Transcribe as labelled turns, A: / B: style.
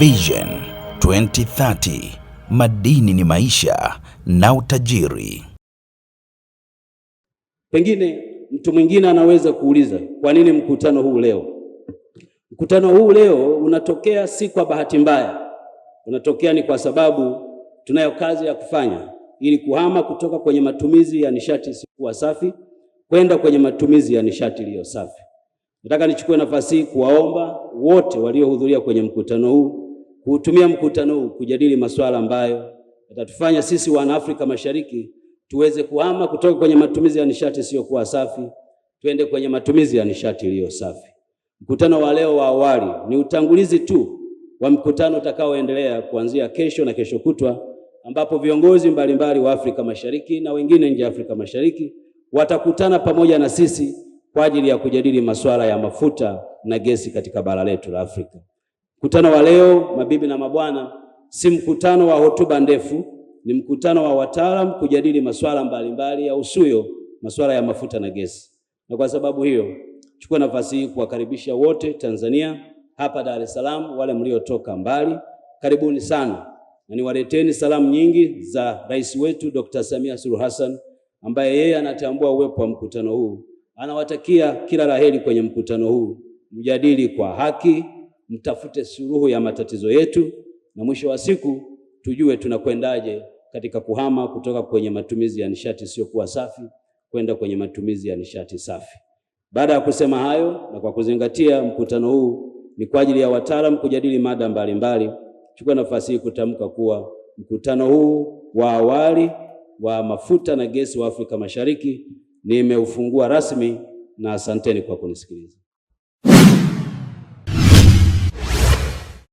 A: Vision 2030 madini ni maisha na utajiri. Pengine mtu mwingine anaweza kuuliza kwa nini mkutano huu leo? Mkutano huu leo unatokea si kwa bahati mbaya, unatokea ni kwa sababu tunayo kazi ya kufanya ili kuhama kutoka kwenye matumizi ya nishati isiyokuwa safi kwenda kwenye matumizi ya nishati iliyo safi. Nataka nichukue nafasi hii kuwaomba wote waliohudhuria kwenye mkutano huu kuutumia mkutano huu kujadili masuala ambayo yatatufanya sisi Wanaafrika Mashariki tuweze kuhama kutoka kwenye matumizi ya nishati isiyokuwa safi twende kwenye matumizi ya nishati iliyo safi. Mkutano wa leo wa awali ni utangulizi tu wa mkutano utakaoendelea kuanzia kesho na kesho kutwa, ambapo viongozi mbalimbali wa Afrika Mashariki na wengine nje ya Afrika Mashariki watakutana pamoja na sisi kwa ajili ya kujadili masuala ya mafuta na gesi katika bara letu la Afrika. Mkutano wa leo mabibi na mabwana, si mkutano wa hotuba ndefu, ni mkutano wa wataalamu kujadili masuala mbalimbali ya usuyo, masuala ya mafuta na gesi. Na kwa sababu hiyo, chukua nafasi hii kuwakaribisha wote Tanzania, hapa Dar es Salaam, wale mliotoka mbali, karibuni sana, na niwaleteni salamu nyingi za rais wetu Dr. Samia Suluhu Hassan ambaye yeye anatambua uwepo wa mkutano huu. Anawatakia kila laheri kwenye mkutano huu, mjadili kwa haki mtafute suluhu ya matatizo yetu, na mwisho wa siku tujue tunakwendaje katika kuhama kutoka kwenye matumizi ya nishati isiyokuwa safi kwenda kwenye matumizi ya nishati safi. Baada ya kusema hayo, na kwa kuzingatia mkutano huu ni kwa ajili ya wataalamu kujadili mada mbalimbali, chukua nafasi hii kutamka kuwa mkutano huu wa awali wa mafuta na gesi wa Afrika Mashariki nimeufungua rasmi, na asanteni kwa kunisikiliza.